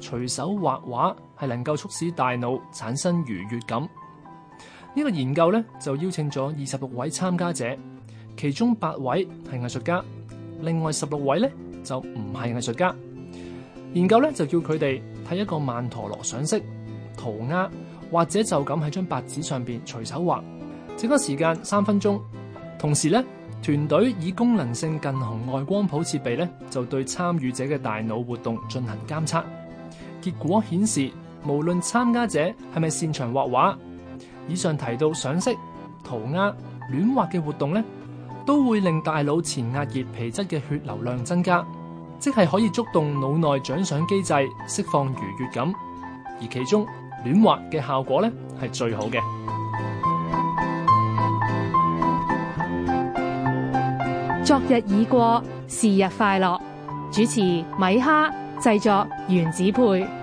隨手畫畫係能夠促使大腦產生愉悅感。呢個研究咧就邀請咗二十六位參加者，其中八位係藝術家，另外十六位咧就唔係藝術家。研究咧就叫佢哋睇一個曼陀羅上色、塗鴉或者就咁喺張白紙上邊隨手畫，整個時間三分鐘。同時咧，團隊以功能性近紅外光譜設備咧就對參與者嘅大腦活動進行監測。結果顯示，無論參加者係咪擅長畫畫，以上提到上色、塗鴉、亂畫嘅活動咧，都會令大腦前額葉皮質嘅血流量增加，即係可以觸動腦內獎賞機制，釋放愉悅感。而其中亂畫嘅效果咧，係最好嘅。昨日已過，是日快樂。主持米哈。製作原子配。